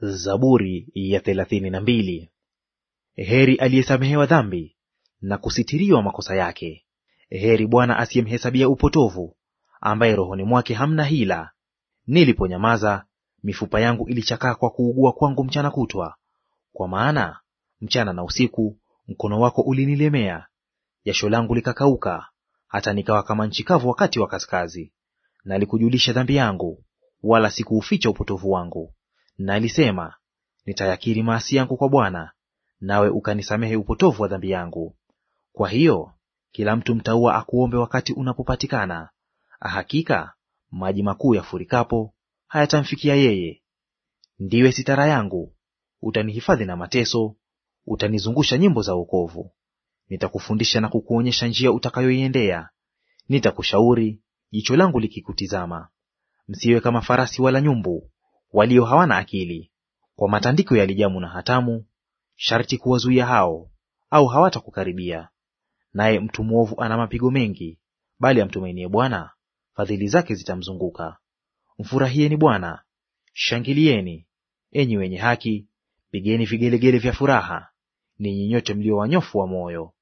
Zaburi ya thelathini na mbili. Heri aliyesamehewa dhambi na kusitiriwa makosa yake. Heri Bwana asiyemhesabia upotovu, ambaye rohoni mwake hamna hila. Niliponyamaza, mifupa yangu ilichakaa kwa kuugua kwangu mchana kutwa, kwa maana mchana na usiku mkono wako ulinilemea. Jasho langu likakauka, hata nikawa kama nchi kavu wakati wa kaskazi. Nalikujulisha dhambi yangu, wala sikuuficha upotovu wangu. Na alisema, nitayakiri maasi yangu kwa Bwana, nawe ukanisamehe upotovu wa dhambi yangu. Kwa hiyo kila mtu mtaua akuombe wakati unapopatikana; hakika maji makuu yafurikapo hayatamfikia yeye. Ndiwe sitara yangu, utanihifadhi na mateso, utanizungusha nyimbo za wokovu. Nitakufundisha na kukuonyesha njia utakayoiendea, nitakushauri, jicho langu likikutizama. Msiwe kama farasi wala nyumbu walio hawana akili, kwa matandiko ya lijamu na hatamu, sharti kuwazuia hao, au hawatakukaribia. Naye mtu mwovu ana mapigo mengi, bali amtumainie Bwana, fadhili zake zitamzunguka. Mfurahieni Bwana, shangilieni enyi wenye haki, pigeni vigelegele vya furaha, ninyi nyote mlio wanyofu wa moyo.